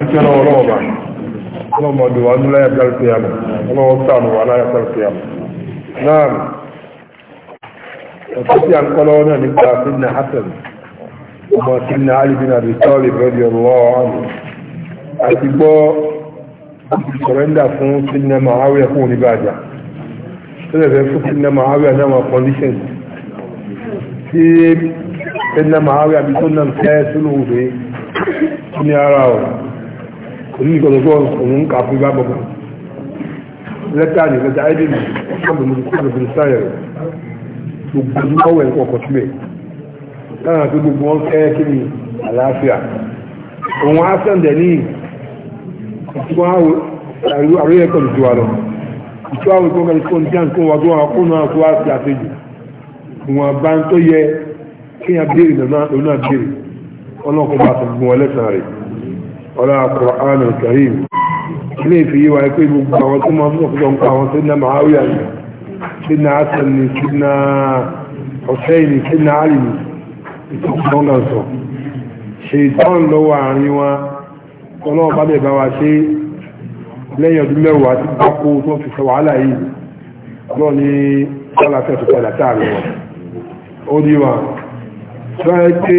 kíkẹ́rọ ọlọ́ọ̀bà ọlọ́mọdé wa ní láyé kálífìyàmù ọlọ́wọ́ sànù wa láyé kálífìyàmù náà ọ̀tọ́ tí a ń kọ́ lọ́wọ́ náà nípa sínú hasan ọmọ sínú alìbínà bí tọ́lì rẹ́díò lọ́ọ̀ọ́nù àti gbọ́ sọ̀rẹ́ndà fún sínú mahawiya fún oníbàjá sílẹ̀ fẹ́ fún sínú mahawiya náà wọn condition ní ara ọ̀rọ̀ òní nìkan lọ́gbọ́ òun kà fún ìgbà bọ̀bọ̀ lẹ́tà ní lẹ́tà ẹ́dì ní ọ̀pọ̀ mi kọ́ lọ́gbọ̀ sáyẹ̀ rẹ̀ gbogbo ọwọ́ ẹ̀kọ́ ọkọ̀ ni àlàáfíà òun á sẹ̀ǹdẹ̀ àríyẹ wa lọ ìtumọ̀ àwọn ìkọ́ kó náà kó ń tó yẹ kéèyàn béèrè béèrè bá rẹ̀ ọlá Al-Qur'an Al-Karim ilé ìfìyí wa pé gbogbo àwọn tó máa fún ọ̀pọ̀lọpọ̀ nǹkan àwọn Sayyidina Muawiya ni Sayyidina Hasan ni Sayyidina Hussein ni Sayyidina Ali ni ìtọ́gbọ́ngà sọ ṣe ìtọ́n lọ́wọ́ àárín wa ọlọ́wọ́ bá bẹ̀rẹ̀ bá wa ṣe lẹ́yìn ọdún mẹ́wàá tí bá kó tó fi sọ wàhálà yìí lọ́ọ̀ ní sálàfẹ́ tó padà táàrí wọn ó díwà tó ẹ pé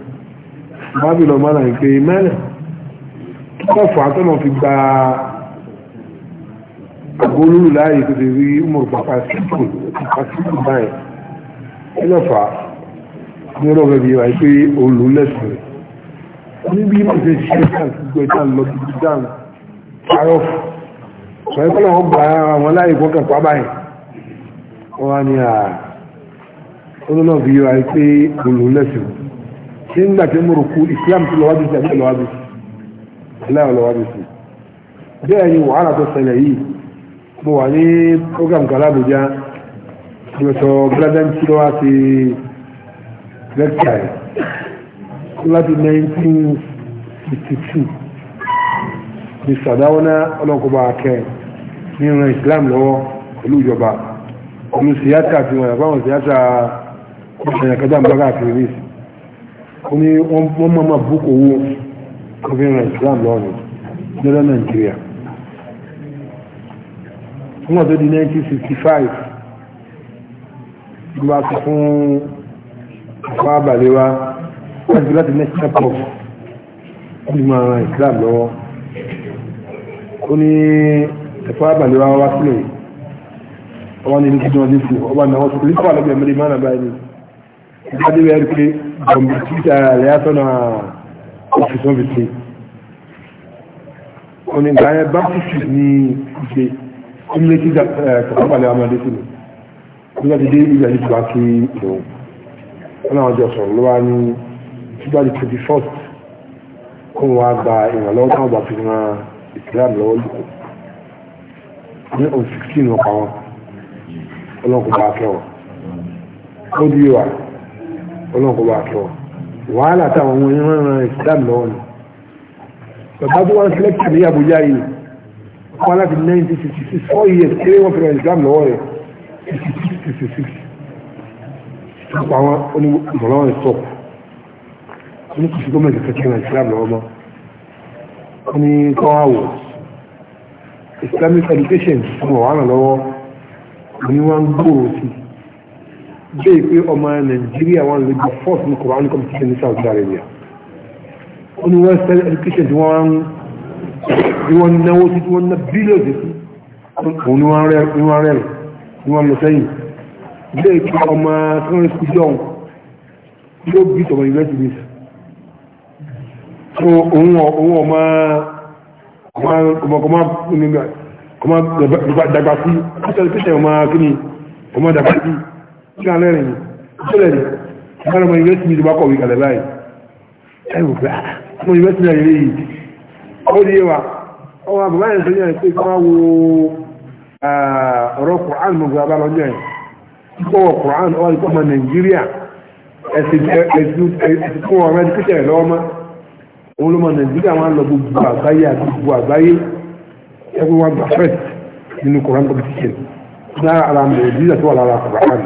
bábí lọ mọ́nà ìpè mẹ́rin kíkọ́ fà tọ́nà fi gba àgbólú láàyè tó ti rí umar papa síkù papa síkù báyìí kí lọ fà ní ọlọ́gbẹ́ bí wáyé pé olù lẹ́sìn rẹ̀ ní bí mo ṣe ṣe ṣe gbẹ tán lọ bí dáhùn parọ́ sọ pé wọ́n gba àwọn láàyè kọ́kàn pa báyìí wọ́n wá ní à ó bí wáyé pé olù lẹ́sìn rẹ̀ ṣé ń gbà tí mo rò kú islam ti lọ́wọ́ bí sí àbí lọ́wọ́ bí sí aláwọ̀ lọ́wọ́ bí sí bẹ́ẹ̀ ni wàhálà tó ṣẹlẹ̀ yìí mo wà ní program kan lábújá ìrọ̀sọ̀ brother tí lọ́wọ́ ti lecture láti 1962 ní sàdáwọ́ná ọlọ́kọ̀ọ́bà akẹ́ nínú islam lọ́wọ́ pẹ̀lú ìjọba olùsíyàtà àti wọn àbáwọn síyàtà ọ̀sẹ̀ ìyàkẹ́jà ń bá káàkiri ní ó ní wọ́n máa máa búkọ owó kọfíìnrán Islam lọ́rùn lọ́dọ̀ Nàìjíríà fún ọ̀dọ́ di 1965 ló bá sọ fún ọ̀fọ́ àbàlẹ̀ wa wọ́n ti láti national pop wọ́n ti máa ran Islam lọ́wọ́ ó ní ẹ̀fọ́ àbàlẹ̀ wa wá sílẹ̀ ọba ní ní kí wọ́n ní sí ọba náà wọ́n sọ pé nípa àlọ́gbẹ̀mẹ́rin máa báyìí ìgbádé rẹ̀ pé bọ̀m̀bì títà rẹ̀ yàtọ̀nà òfìsọ́fìsì òní ìgbàyẹ báfífì ní ìgbé ilé títà kàpàpàlẹ̀ ọmọdé sí ni nígbà tí dé ìgbà yìí bá kí ìlú wọn àwọn ọjọ́ sọ̀rọ̀ ló wá ní ìgbàdí 21st kó wọn wá gba ìrànlọ́wọ́ táwọn bá fi ran ní òun 16 ọkọ̀ wọn ọlọ́kùnrin bá ó di wà ọlọ́run kò bá tọ̀ wàhálà táwọn ohun ẹni rán ran ìsìlámù lọ́wọ́ ni bàbá tó wá ń sílẹ̀kì ní àbújá yìí wọ́n láti 1966 four years kéré wọ́n fi ran ìsìlámù lọ́wọ́ rẹ̀ 66 ọ̀pọ̀ àwọn onímọ̀lọ́wọ́ ìsọ̀ ní kò sí gómìnà kẹkẹ ran ìsìlámù lọ́wọ́ mọ́ wọ́n ní kọ́ àwọ̀ islamic education fún ọ̀hánà lọ́wọ́ ni wọ́n ń gbòòrò sí i bẹ́ẹ̀ pé ọmọ nàìjíríà wọn lè gba fọ́ọ̀sì ní kọ̀ọ̀bá oníkọ̀ mùsùlùmí ní Saudi Arabia ó ní wọ́n sẹ́lẹ̀ education tí wọ́n ní wọ́n náwó sí tí wọ́n ná bílíọ̀dì sí òun ni wọ́n rẹ̀ ni wọ́n lọ sẹ́yìn bẹ́ẹ̀ pé ọmọ tí wọ́n kú jọun yóò bí tọmọ yunifásitì ní so òun òun ọmọ ọmọ ọmọ ọmọ dàgbà sí ọmọ kí ni ọmọ dàgbà sí kíkà mẹ́rin yìí ìṣẹ̀lẹ̀ ni ìbára ọmọ ìwé tìmí ìdúbà kọ̀wé kalẹ̀ báyìí ẹ wò pé ah, ọmọ ìwé tìmí ayẹyẹ yìí ó di yé wa ọmọ àbúrò yẹn sọ yẹn pé kí wọ́n wo ah, ọ̀rọ̀ Quran mọ̀ gbà bá lọ yẹn kíkọ́ Quran ọ̀rọ̀ ìkọ́ ọmọ Nàìjíríà ẹ̀sìn fún ọmọ ẹ̀díkítẹ̀ rẹ̀ lọ́wọ́ mọ́ òun ló mọ Nàìjíríà wọn lọ gbogbo àgbáyé àti gbogbo àgbáyé everyone perfect nínú Quran competition náà ara Nàìjíríà tó wà lára Quran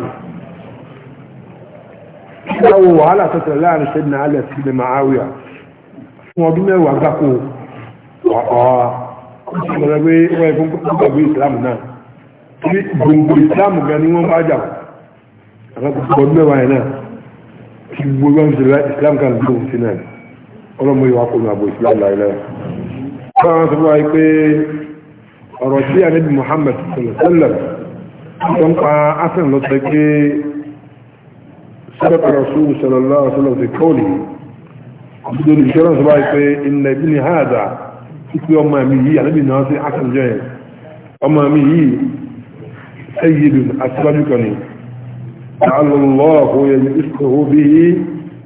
dáwọ wàhálà tó tẹ̀lé láàrin ṣe ní alẹ́ sí ilẹ̀ màáwíà fún ọdún mẹ́wàá gbáko ọ̀rọ̀ pé wọ́n ikú gbàgbé ìsìlámù náà tí gbogbo ìsìlámù gan ni wọ́n bá jà àgbàgbọ́ ọdún mẹ́wàá yẹn náà tí gbogbo ìsìlámù kan gbogbo sí náà ọlọ́mọ ìwà kò ní àbò ìsìlámù láì lẹ́yìn. báwọn sọ pé ọ̀rọ̀ tí Ànábì Muhammad sọ̀rọ̀ sẹ́lẹ̀ tó ń pa asan lọ́sọ̀ pé سبق الرسول صلى الله عليه وسلم في قوله بدون الشرس بايك إن ابن هذا يكوي أمامي يعني ابن ناصر حسن جاهز أمامي سيد أسبابكني لعل الله يمسكه به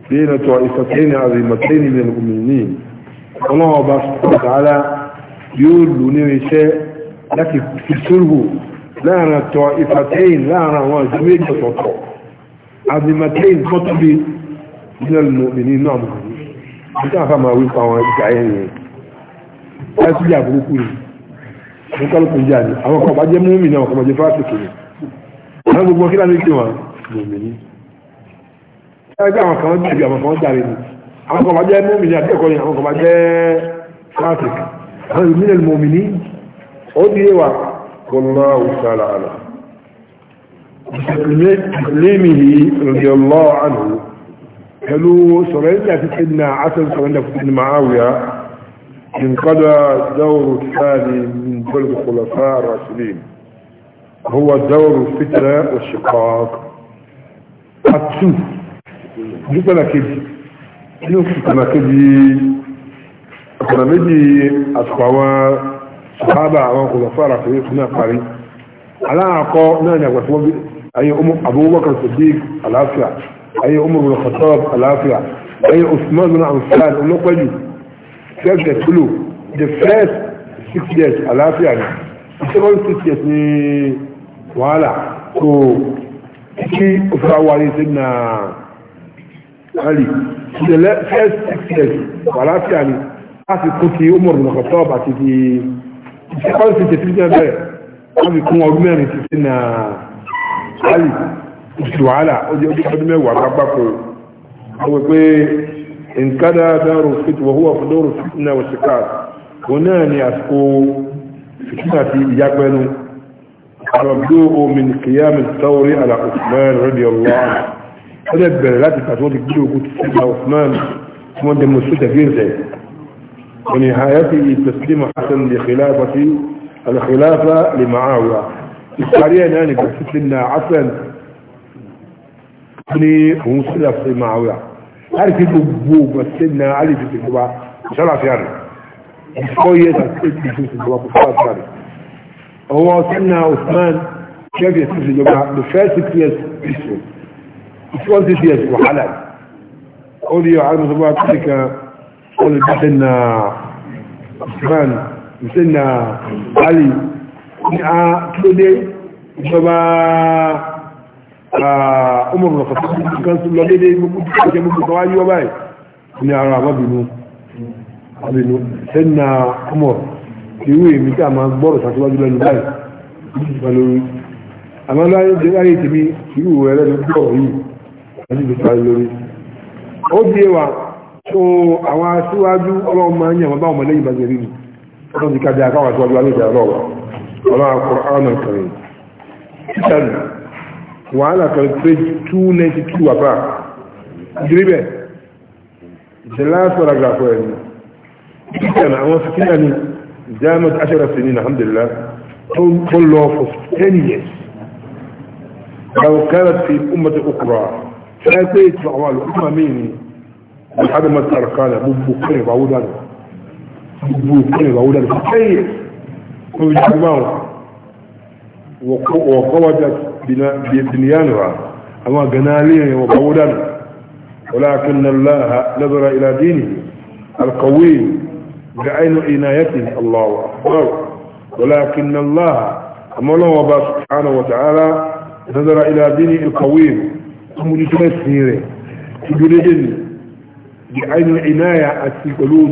بين طائفتين عظيمتين من المؤمنين الله سبحانه وتعالى يقول له شيء لكن في سلوه لا طائفتين لا أنا جميع تطور azimatain kọ́tọ́bí nílẹ̀ òmìnir náà mọ̀ ní ọjọ́ àfà máa wí pa àwọn ìjà ẹ̀yìn yẹn láì sí ìjà burúkú ni ní kálukú ìjà ni àwọn kan bá jẹ́ múmi náà kọmọ jẹ́ fásitì ni àwọn gbogbo kí láti kí wọn lòmìnir ẹgbẹ́ àwọn kan jẹ̀bi àwọn kan jàre ni àwọn kan bá jẹ́ múmi ní akẹ́kọ̀ọ́ yẹn àwọn kan bá jẹ́ fásitì àwọn ìmìnir mọ̀mìnir ó di ẹwà kọlọ́ọ̀ sálà àlà تكليمه رضي الله عنه قالوا سرعنا في سيدنا عسل سرعنا في سيدنا معاوية انقضى دور الثاني من دور الخلفاء الراشدين هو دور الفتنة والشقاق أتسو جبنا كذي جبنا كذي أكنا مجي أسقوا صحابة وخلفاء الراشدين هنا قريب على عقاء نانا وسوى ayé abubakar sadiq àlàáfíà ayé umar bin khattab àlàáfíà ayé usman bin amfan olókọ́jù first year kúlò the first six years àlàáfíà ni the second six years ni wàhálà so kí òfin àwọn ayé ṣe na ali the first six years àlàáfíà ni a ti kún ti umar bin khattab àti ti second six years ti bẹ̀rẹ̀ a ti kún ọdún mẹ́rin ti sí na. ali oṣù wàhálà ojú ọdún mẹ́wàá gbágbákò wọ́n pé nkádà dárò fìtì wọ́n hùwà fúdọ́rò fìtì náà wọ́n ṣìkà wọn náà ni àsìkò fìtì náà ti ìyápẹ́nu àrògbó omi kìyàmì sáwórí àlà Usman radiyallahu anhu ó dẹ̀ bẹ̀rẹ̀ láti pàṣẹ wọ́n ti gbé òkú ti sẹ́yìn Usman tí wọ́n dẹ̀ mọ̀ sí tẹ̀gẹ́sẹ̀ ونهايته تسليم حسن لخلافة الخلافة لمعاوية اشتريان يعني قلت لنا عسل ابني ومسلا في معاوية عارف يبوب مسلنا علي ان الجبعة شرع في عارف مشكوية تسلت بشوث الجبعة بشوث الجبعة هو وصلنا عثمان شاف يسلت الجبعة بفاسك في يسلت يسلت في يسلت وحلال قول لي عالم الضباعة تلك قول ni a kílódé ìjọba ọmọrùn ọ̀fẹ́ tó lọ dédé gbogbo ìjẹ́ gbogbo tó wáyé ọba ẹ̀ ní ara àbábìnú àbìnú ẹ̀nà ọmọ ìwé tí a máa gbọ́rọ̀ sàtíwájú lẹ́nu báyìí wa ọlọ́run ọlọ́run ومع القرآن الكريم إذن وعلى كالتريج 292 وفاة جريبه the last paragraph وين كان أما فكرني دامت 10 سنين الحمد لله كل law for 10 years لو كانت في أمة أخرى فأتيت في الأعوال أمة مين لحد ما تركانا بوكري بعودان بوكري بعودان 10 years ويجمعوا وقوجت بدنيانها أما قناليا وقودا ولكن الله نظر إلى دينه القوي بعين عنايته الله أكبر ولكن الله أما الله سبحانه وتعالى نظر إلى دينه القوي ثم يتمسيره تجري بعين العناية أتي قلوب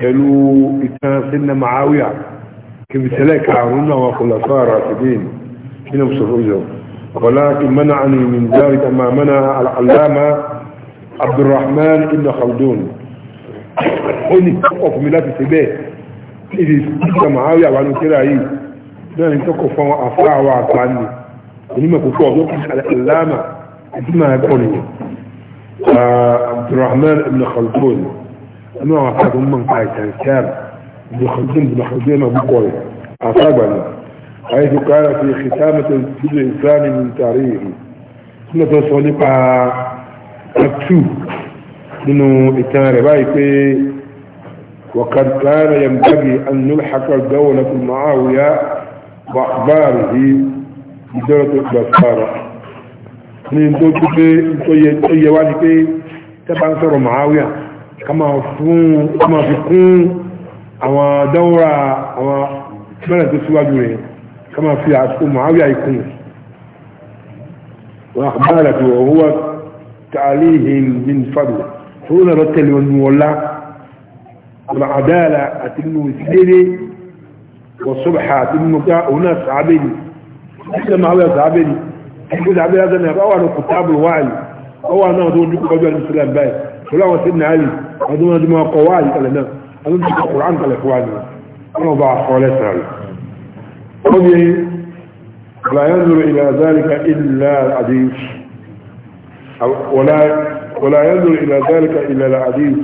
كانوا ìtàn معاوية كم سلاك عارونا kàrún náà wọn kò lọ́sọ́ ولكن منعني من ذلك ما منع العلامة عبد الرحمن ابن خلدون قل تقف ملاك في سبيه إذا سبيت معاوية وعن كده هي تقف توقف وعطاني وأطلعني ما كنت أوقف على العلامة اسمها كونية عبد الرحمن ابن خلدون أنه أحد من قائتان كان بخزين بخزين بقوي حيث قال في ختامة كل إنسان من تاريخي سنة صليقة أكتو منه إتاري بايكي وقد كان ينبغي أن نلحق الدولة المعاوية بأخباره بدولة البصارة من دولة بي انتو يواني بي تبعن معاوية kama fún kama fi kún àwọn dáwọ́ra àwọn mẹ́rin tó síwájú rẹ̀ kama fi àsìkò mọ̀háwíà ikún wọn àbára tó wọ́wọ́ tààlíhìn min fàdù tó ń lọ tẹ̀lé wọn wọlá àwọn àdáàlà àti nínú ìsílẹ̀ wọ́n sọ́bàá àti nínú ká òun náà sàábẹ̀ ni ẹgbẹ́ mọ̀háwíà sàábẹ̀ ni ẹgbẹ́ sàábẹ̀ yá sẹ́ni àbáwà ní kùtàbù wáyé ọwọ́ náà tó ń dúkọ́ ọjọ́ ìsìlẹ̀ báyìí فلو سيدنا علي هذول دي ما قوال لنا هذول في قرآن قال اخواننا انا ضاع حوالتنا قضي لا ينظر الى ذلك الا العديد ولا ولا ينظر الى ذلك الا العديد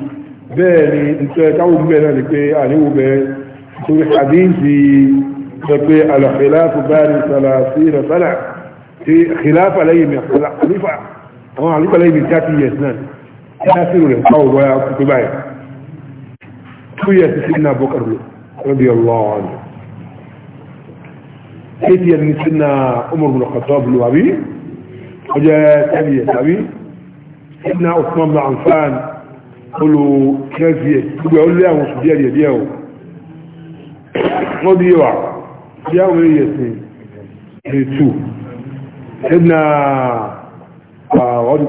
بني انت تعود بينا لك يعني هو في حديثي تقول على خلاف باري ثلاثين سنة في خلاف عليهم يا خلاف عليهم هو عليك عليهم كاتي يسنان káfíìrì rẹ̀ káwọ̀ bọ́yá kúkú báyìí two years sí ní abúkar rẹ̀bí ọlọ́wọ́ ni eight years ní sí na umar bin khattab lu àbí ọjọ́ ten years àbí sí na usman bin anfan olu twelve years gbogbo olú àwọn oṣù díẹ̀ díẹ̀ o wọ́n wa bí àwọn years ní three two sí na ọdún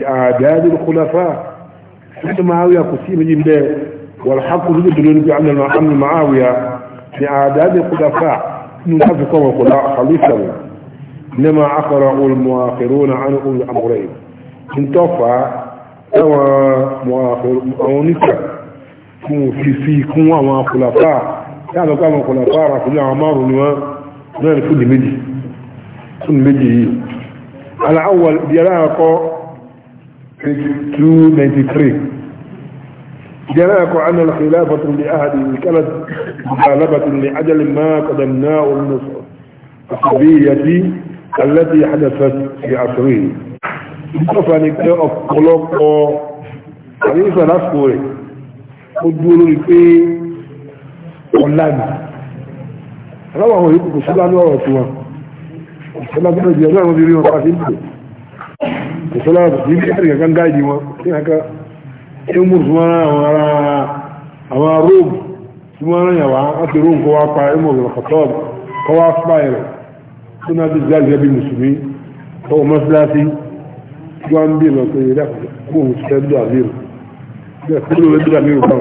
آداب الخلفاء حد معاوية قسيم جنبه والحق يدلون بأن أن معاوية لآداب الخلفاء منافق وخلاء خليصا إنما أخرى المؤخرون عن أولي الأمرين إن توفى أو مؤخر أو نسى في في كون أو خلفاء يعني كانوا خلفاء رسول الله عمار ونوان نال كل مدي كل مجي الأول قو 293 جناك عن الخلافة لأحد كانت مطالبة لأجل ما قدمناه النصر الصبية التي حدثت في عصره مصطفى نكتا أف قلوك حريفة قدول في قلان رواه يبقى سلان ورسوان سلان رجل رجل رجل رجل رجل da salamu yi da harga kan gaji ma sai haka yan musulman àwọn ará àwọn rome su ma ran yawa a ti rome kowa pa imo da khatab kowa spire suna da zaliya bi musulmi ko maslati ko an bi lo ko da ko musulmi da bi da ko lo da mi ko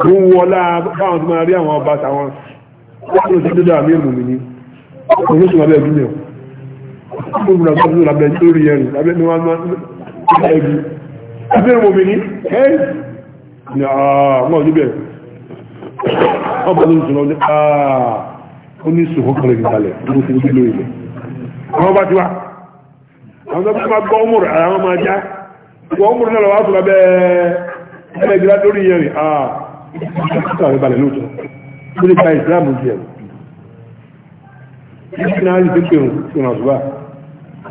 ko wala ba on ma rí àwọn ba ta wọn ko lo da mi mu ni ko su ma be bi ni gbogbo na gbogbo labẹ lórí ẹrù labẹ ní wọn máa ń ẹbí abẹ́rẹ́ mọ̀ mi ní ẹ́ ní àwọn ọdúnbẹ̀ ọba ló ń sọ lọ́dún àà ó ní sòkó kan lè kalẹ̀ tó fi ní lórí rẹ̀ àwọn bá ti wá àwọn tó máa gbọ́ ọmọ rẹ̀ àwọn ọmọ rẹ̀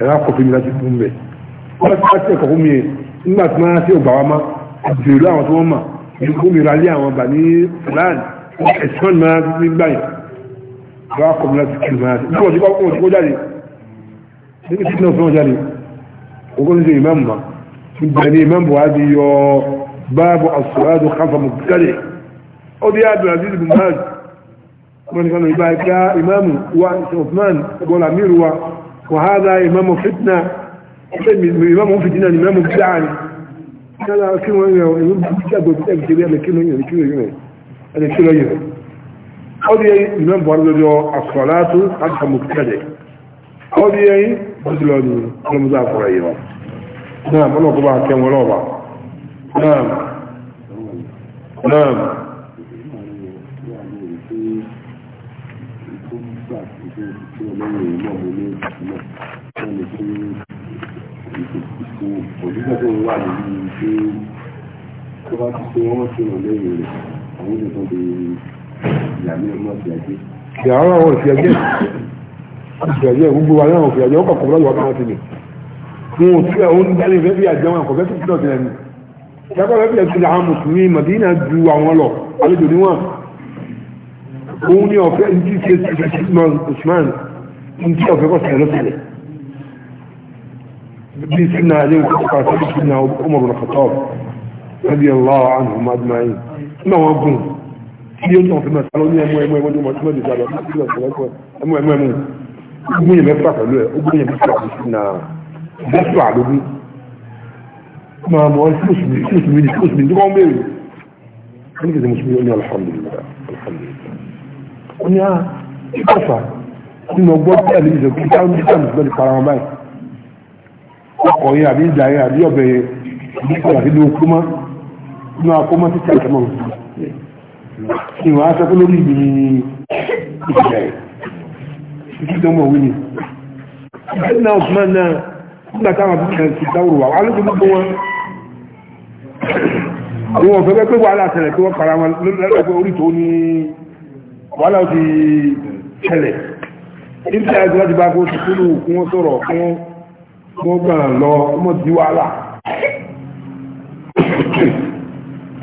ẹ̀rọ akọ̀fẹ́ mi láti fún bẹ̀. wọ́n ti láti ẹ̀kọ́ fún mi yẹn nígbà tí wọ́n ti ọgbà wa má àbẹ̀rù àwọn tó wọ́n mà èyí fún mi ralé àwọn bà ní fúlàn ẹ̀sán máa ní gbà yẹn ẹ̀rọ akọ̀fẹ́ mi láti kiri máa ní wọ́n ti kọ́ wọ́n ti kọ́ jáde níbi tí náà fún wọn jáde ogun ní ṣe ìmáàmù ma ìgbà ní ìmáàmù wa di yọ báàbù àṣùwádù káfà mọ̀ wa وهذا إمام فتنة إمام فتنة إمام بدعان قال كلمة إمام بدعان كلمة كلمة كلمة كلمة كلمة قضي إمام برضو الصلاة حتى مبتدئ قضي بدلون المضافر أيضا نعم الله طبعا كم ولوبا نعم نعم lẹ́yìn ìlú tó wọ́n ti ràn lẹ́yìn rẹ̀ àwọn olùkọ́ ti àjẹ́. ìyá ara wọn ti àjẹ́ ti àjẹ́ gbogbo wa náà fi ó kàkọ́ lọ́wọ́ kan ti lè tí àwọn onídàáni fẹ́ fi àjẹ́ wọn kò fẹ́ fi ní ṣe Usman nti ọ̀fẹ́ kọ́ sẹ̀rẹ̀ sẹ̀rẹ̀ bí sinna alẹ́ òkúta sẹ́bí sinna Umar bin Khattab radiyallahu anhu ajma'in nínú àwọn gùn tí ó tàn fi mẹ́ta ló ní ẹmú ẹmú ẹmú ẹmú ẹmú ẹmú ẹmú ẹmú ẹmú ẹmú ogun yẹn mẹ́fà pẹ̀lú ẹ̀ ogun yẹn mẹ́fà pẹ̀lú sinna mẹ́fà lógún máa mọ̀ ẹ́ sílùsùmí sílùsùmí ní sílùsùmí ní wọ́n mẹ́rin wọ́n ní kìí sẹ́ mùsùlùmí ó ní alhamdulillah alhamdulillah ó ní à ah, ìkọ̀fà nínú ọgbọ́n tí ẹ̀lú ìṣẹ́ kí káwọn bí sáàmù sílẹ̀ para wọn báyìí ọkọ̀ yẹn àbí ìjà yẹn àbí ọ̀bẹ yẹn àbí ìṣẹ́ àti ní okú mọ́ nínú akọ́mọ́ tí tí àtẹ́mọ̀ ní wọ́n á sọ pé lórí ìbí ìjà yẹn títí tó mọ̀ wí ni ìṣẹ́ náà ọ̀sùnmọ́ náà nígbà táwọn àti ìṣẹ́ ti dáwòrò wà wọ́n lójú gbogbo wọn àwọn ọ̀fẹ́ pé wàhálà ṣẹlẹ̀ pé wọ́n para wọn lọ́lọ́pẹ́ orí tó ní wàhálà ti ṣẹlẹ̀ níbi àti láti bá kó tukúlù kún ó sọ̀rọ̀ fún wọn gbọ̀nà lọ ọmọ tí wà là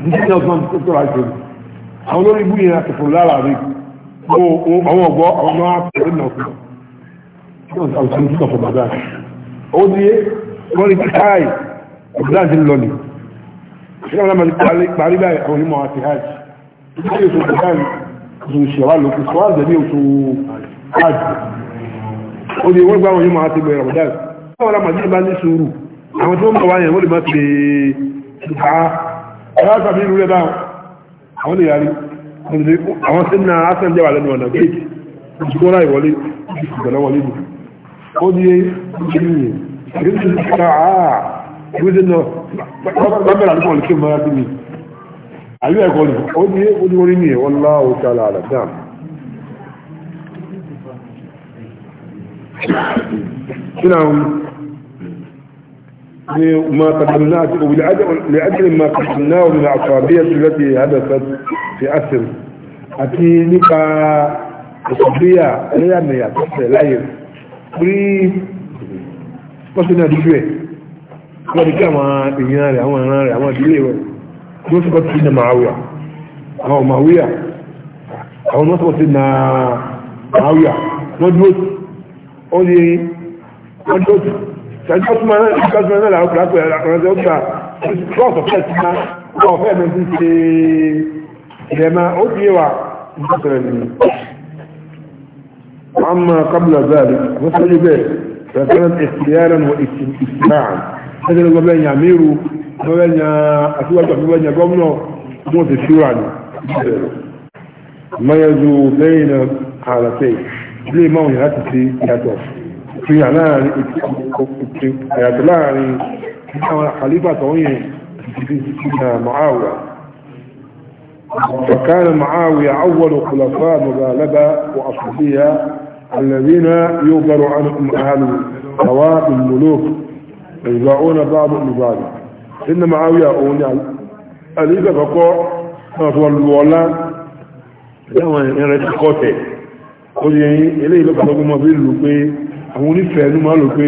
nígbà ọ̀sán tó tọ́ra ṣe àwọn olórí ibú yẹn àti fòrò lára rí àwọn ọ̀gbọ́ àwọn ọmọ àpẹẹrẹ náà fún wọn àwọn ọ̀sán tó tọ̀ bàbá ó ní wọ́n ní káì ọ̀gbọ́n àti lọ́nìí ìṣẹ́lẹ̀ ọ̀nà parí báyìí àwọn onímọ̀ àti hajj ìṣẹ́lẹ̀ oṣù hajj ó ní wọ́n gbá wọn yóò máa ti bẹ̀rẹ̀ ramadan báwọn la màdínà bá ní sùúrù àwọn tí wọ́n bá wáyẹ̀ wọ́n lè má ti ṣùgbà ẹ̀rọ dáhùn ní شنو ما قدمناه ولأجل ما قدمناه من العصابية التي حدثت في أسر أتي لك الصبية لا يا تسعي العير قري قصنا دجوه قال كما إياناري أما ناري أما دليل نصبت سيدنا معاوية أو معاوية أو نصبت سيدنا معاوية ما نصبت ó ní ọjọ́ ìṣẹ́jọ́ tó máa ń ká tó máa ń lára pẹ̀lú àkọ̀rọ̀sẹ̀ ọgbà lọ́ọ̀tọ̀ fẹ́ ti máa lọ́ ọ̀fẹ́ mi ti ṣe ìrẹ́mà ó ti yé wa ìgbésẹ̀rẹ̀ nìyí أما قبل ذلك مثل ذلك فكانت اختيارا واجتماعا هذا لما بين يعميروا ما بين أسواق ما بين قومنا موت الشورى ما يزو بين حالتين ilé ìmọ̀wò معاوية فكان معاوية أول خلفاء مغالبة وأصلية الذين يغبر عنهم أهل سواء الملوك يضعون بعض البعض إن معاوية أولي أليس فقو نطول الولان يوم قوتي ó ní eléyìí ló pàtàkì mọ́ fi lò pé àwọn onífẹ̀ẹ́ ló máa lò pé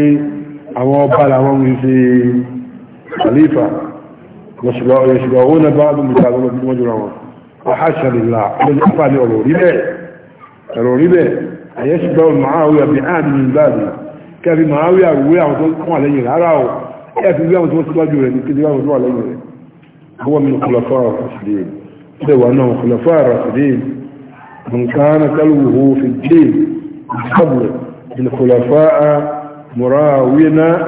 àwọn ọba làwọn ń ṣe khalifa lọ́ṣùgbọ́n owó náà bá lù mí ta lọ́nà bí wọ́n jọra wọn ọ̀háṣàlélà ọ̀lẹ́ni apá ni ọ̀rọ̀ rí bẹ́ẹ̀ ọ̀rọ̀ rí bẹ́ẹ̀ àyẹ́sùgbọ́n Muawiya bí áàdì ní ìbáàdì kẹfì Muawiya wé àwọn tó kún àlẹ́yìn rárá o kẹfì wé àwọn tó síwájú rẹ̀ ní kéde àwọn tó àlẹ́yìn rẹ̀ من كان قلبه في الدين قبل الخلفاء مراونة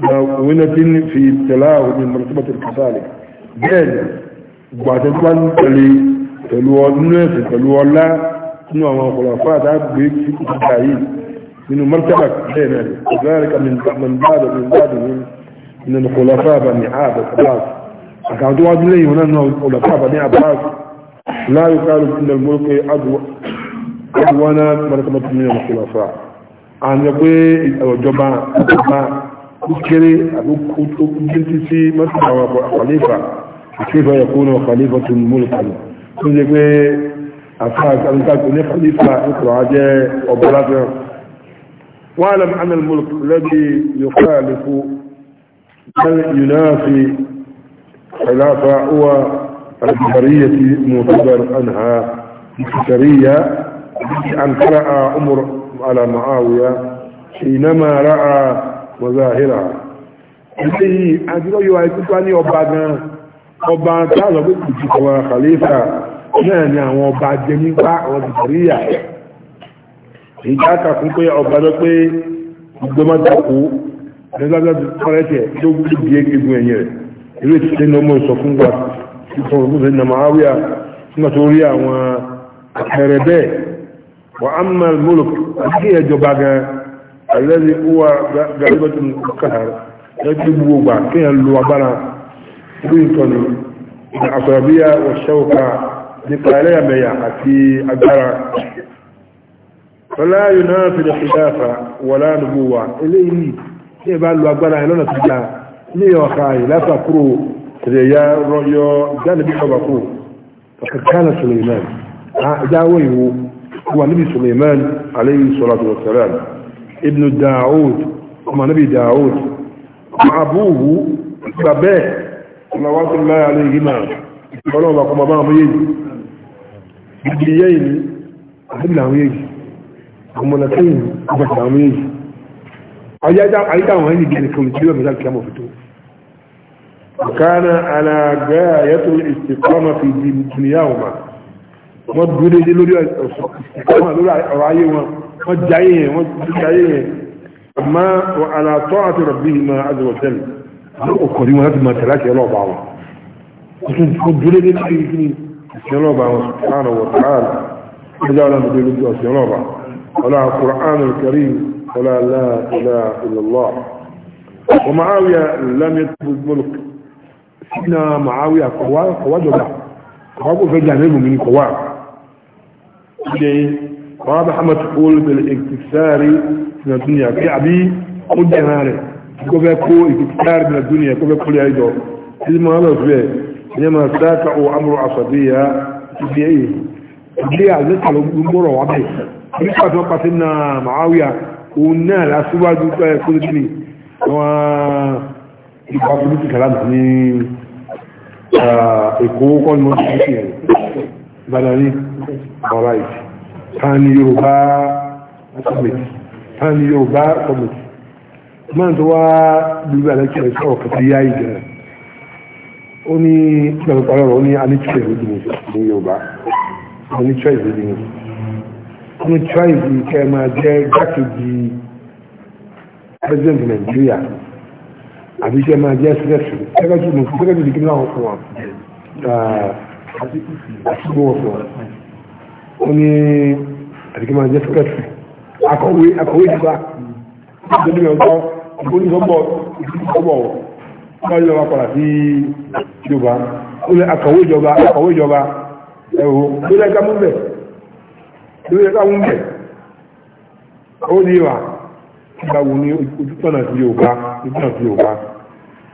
مراونة في تلاوة من مرتبة الكسالك بعد ذلك تلي تلو الناس تلو الله نوع من الخلفاء بيك في التعيين من مرتبة بين وذلك من من بعد من بعد من الخلفاء بني خلاص أكادوا أدلي هنا الخلفاء بني عباس لا يقال ان الملك ادوانا مرتبه من الخلفاء ان يبي الجماعه كيري ابو كوتو بنتي سي مرتبه خليفة كيف يكون خليفة ملكا كل يبي افاك ان تكون خليفه اقراجه وبلاغه واعلم ان الملك الذي يخالف بل ينافي خلافه هو الجبرية معتبر أنها الجبرية أن قرأ عمر على معاوية حينما رأى مظاهرها إليه أجل يوايكو تاني أبانا أبانا تعالى بكتوا خليفة نعم يعني أبانا جميعا وجبرية ìjáka fún pé ọba lọ pé gbọmọdàkú nígbàgbà kọrẹ́tẹ̀ tó gbé bí egun ẹ̀yìn rẹ̀ eré ìtìlẹ́nu ọmọ يقول إن معاوية ثم توريا وحرباء وأما الملك هي جباجة الذي هو غالبة القهر يجب بعكها اللوبرة بنتون العصبية والشوكة نقالية مياحة في أجارة فلا ينافي الخلافة ولا نبوة إليه يبقى اللوبرة لنا تجاه ليه وخاي لا تكروا تريا رؤيا جانب حبقو فقد كان سليمان داويه هو نبي سليمان عليه الصلاة والسلام ابن داعود هو نبي داعود وأبوه باباه صلوات الله عليهما قالوا لكم أباهم يجي بليين أحب لهم يجي هم لكين أحب لهم يجي أيضا أيضا وهيني جانب كل جيوة مثال كامو فتوه وكان على غاية الاستقامة في دنيا وما ما تقولي دي لولي استقامة لولي رأيي وما ما تجعيه ما تجعيه أما وعلى طاعة ربه ما عز وجل لو أقولي وهذا ما تلاك يلو بعوة ما تقولي دي لولي استقامة يلو بعوة سبحانه وتعالى إذا لم تقولي لولي استقامة ولا القرآن الكريم ولا لا إله إلا الله ومعاوية لم يتبه الملك sínà màáwí àkọwájọba àkọwájọ fẹ́ jà mẹ́rin mi kọwá ṣe wọ́n bá hamad kúl bẹ̀rẹ̀ ìkìsáàrí sínà dúnìyà kí àbí ó jẹ́ra rẹ̀ kó fẹ́ kó ìkìsáàrí sínà dúnìyà kó fẹ́ kó lè jọ sí mọ́ lọ fẹ́ ìyẹ́ máa sáàkà ó amúrò àfàdéyà ìgbé èyí ìgbé àlẹ́kàlọ́ gbọ́rọ̀ wà bẹ̀ nípa tó pàṣẹ náà màáwí òun náà lásìwájú pẹ́ kó lè wọ́n ìgbà fún mi ti kàlá ní Uh, èkó kọ́ ní wọ́n ti rẹ̀ ìbádàní ọ̀rá ìtì tàní yorùbá kọ́mìtì tàní yorùbá kọ́mìtì máa tó wá lórí alẹ́kẹ̀ẹ́ sọ̀rọ̀ kàtí yá ìgẹ̀rẹ̀ ó ní pẹ̀lúpàá ọ̀rọ̀ ní anítúwẹ̀ ìlú ní yorùbá anítúwẹ̀ ìlú àbí iṣẹ́ máa jẹ́ sílẹ̀sì sẹ́kẹ̀tì mo fi sẹ́kẹ̀tì di kíńdà ọ̀fọ̀ wa àtúgbò ọ̀fọ̀ ó ní àdìgí máa jẹ́ sílẹ̀sì akọ̀wé akọ̀wé ìgbà ìgbẹ́ni ọ̀tọ́ ìgbóníṣọ́bọ̀ ìgbóníṣọ́bọ̀ wọ́n yọ wa padà sí ìjọba ó lẹ akọ̀wé ìjọba akọ̀wé ìjọba ẹ̀wọ̀ ló lẹ́ ká mú bẹ̀ ló lẹ́ ká ó ní wa ìgbà ni ojú tọ́nà sí Yorùbá ojú tọ́nà sí Yorùbá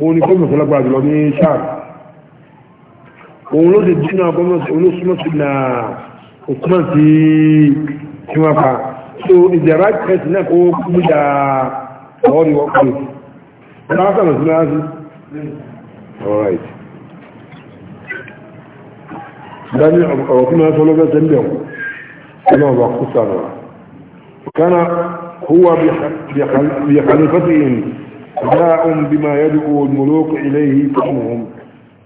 òun ni gómìnà fọlọ́gbà jùlọ ní sáà òun ló ti dínà gómìnà olóṣùmọ̀ sí na òkúmọ̀ sí tí wọ́n pa so is the right person náà kó kúmú ya ọwọ́ ni wọ́n kúrò ọ̀nà sọ̀rọ̀ sí náà sí all right dani ọ̀rọ̀ tí wọ́n sọ lọ́gbẹ́ sẹ́ńdẹ̀ ọ̀nà ọ̀bà kúsà náà kánà huwa bí xalifatihin داع بما يدعو الملوك إليه فهمهم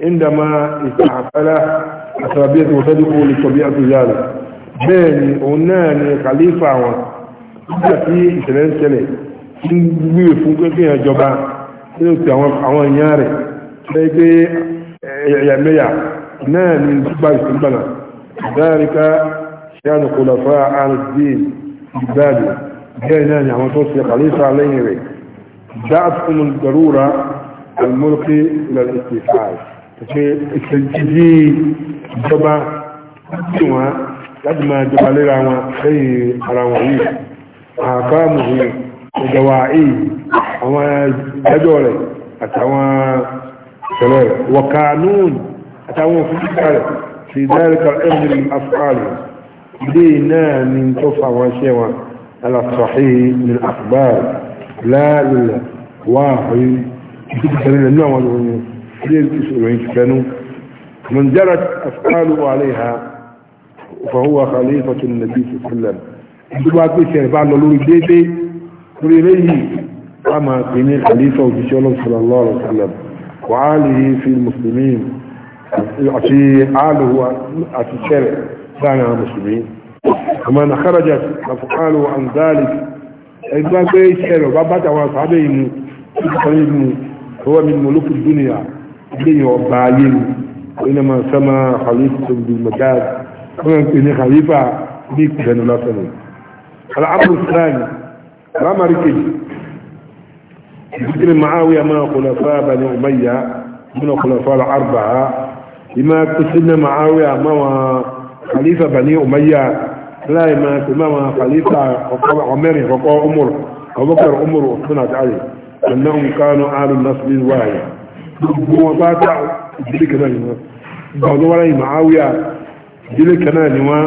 عندما استعفل أسابية وتدعو لطبيعة ذلك بين أنان خليفة في إسلام سلي gbé fún kéèyàn jọba nínú ti àwọn èèyàn rẹ̀ lẹ́gbẹ́ ẹ̀yàmẹ́yà náà ni gbígbà ìsìnbàlá dáríká ṣíyànù kò lọ́fà àrùn dìí ìgbàdì bẹ́ẹ̀ náà ni àwọn tó ṣe kàlífà lẹ́yìn rẹ̀ جاءتكم الضرورة الملقي إلى الاستيفاء تجي جبا جوا لما جبا لرعوا خي عراوهي أحكامه ودواعي أما أجولي أتوا سلالة وقانون أتوا فكرة في ذلك الأمر من أفعاله دينا من تفع وشيوة على الصحيح من أخبار لا لا واحد من النوم والعيون كانوا من جرت أفعاله عليها فهو خليفة النبي صلى الله عليه وسلم عندما أقول شيء بعد يعني لولي بيبي قل إليه أما كني خليفة وجيش الله صلى الله عليه وسلم وعاله في المسلمين في عاله في الشرع كان المسلمين فمن خرجت أفعاله عن ذلك ẹgbẹ́ pé iṣẹ́ rẹ̀ bá bàtà wọn sábẹ́ ìmú ìtàn ìmú owó mi mọ̀ lókù dúnìyà lẹ́yìn ọba ayé mi oyin náà máa sọ́mà khalifa tó bí mọ̀dáàd wọ́n ń pè ní khalifa ní ìpìlẹ̀nu lọ́sẹ̀ ni. alábùrù sàn alámàrí kejì ìdíkìrì Muawiya máa khulafa Bani Umayya mọ́nà khulafa al-arba'a ìmọ̀ kùsùn náà Muawiya máa khalifa Bani Umayya láì máa pè máa máa kàlífà ọmọrin kọ́kọ́ ọmọrù ọbọ̀kọ̀rọ̀ ọmọrù ọ̀tún àti àyè ẹ̀nà nǹkanú àrùn nasbin wáyé gbogbo wọn bá ta ìdílé kanáà ni um wọn gbọ́dọ̀ ìdílé ni wọn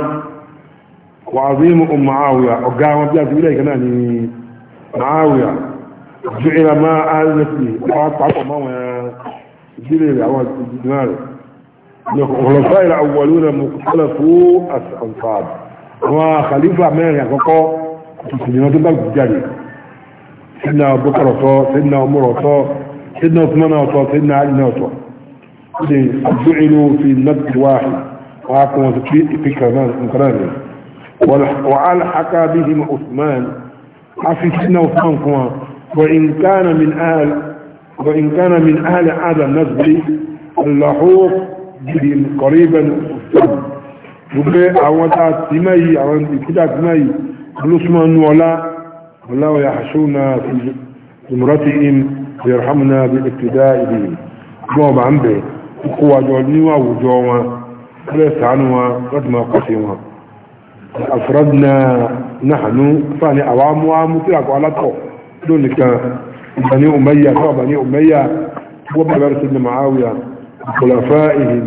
wà á bí mu ni màáwíà ju ìlà máa àrùn wọn wọn ìdílé àwọn ìdílé àwọn khalifa mẹ́rin àkọ́kọ́ ìsìnìyàn tó gbàgbé jáde sínú Abubakar ọ̀tọ̀ sínú Umar ọ̀tọ̀ sínú Usman ọ̀tọ̀ sínú Ali ọ̀tọ̀ ní àdúrà fi nàbì wáhì wọn kò wọn ti fi nǹkan rẹ̀ wọ́n alhaka bí i Usman a fi sínú Usman kuma وإن كان من أهل وإن كان من أهل هذا النسب اللحوق بهم قريبا مستمر gbogbo àwọn tá a ti mẹ́ yìí àwọn ìkúta ti mẹ́ yìí olóṣùmọ̀ nù ọlá ọlá ọ̀yà àṣọ́nà fi zùmùrọ́tì im ọ̀yọ̀rọ̀hámùnà bí ìpìdá ìdè gbọ́n ọba ń bẹ̀ kó wájọ ní àwùjọ wọn kọ́lẹ̀ sàánú wọn láti máa kọ́sẹ̀ wọn àfúrádìnà náhànú fáàní àwọn amúhámú tí àkọ́ alátọ̀ lónìí kan bani umayya kọ́ bani umayya wọ́n bẹ̀rẹ̀ sí ní ma'áwíyà kọlọ̀fẹ́ ìhìn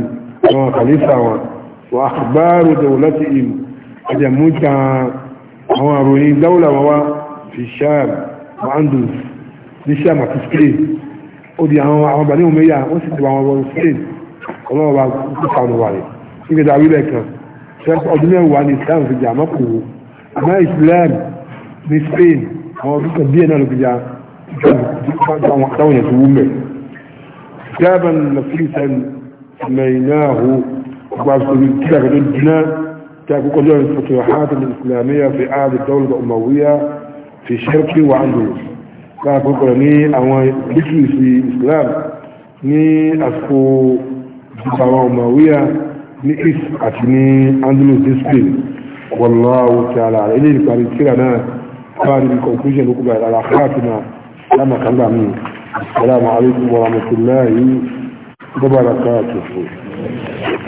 wọn kàlífà wọn وأخبار دولتهم أجمعتها ومعروين دولة ووا في الشام وأندلس للشام في سكرين ودي عمو بني أمية وسيد عمو بني سكرين الله بعد تسعون وعلي إنك دعوي لك شرط أدمية وعن الإسلام في الجامعة كله أما إسلام في سكرين هو فكرة دينا لك جامعة دولة ومي كتابا نفيسا سميناه أخبار كده غريب جدا تأكل كل يوم الفتوحات الإسلامية في عاد الدولة الأموية في شرق وأندلس تأكل كل يوم أوان في الإسلام ني أسكو الدولة الأموية ني إس أتني أندلس ديسبين والله تعالى إلي كاري كيرانا كاري بالكونكوشن وكبير على خاتنا لما كان بعمين السلام عليكم ورحمة الله وبركاته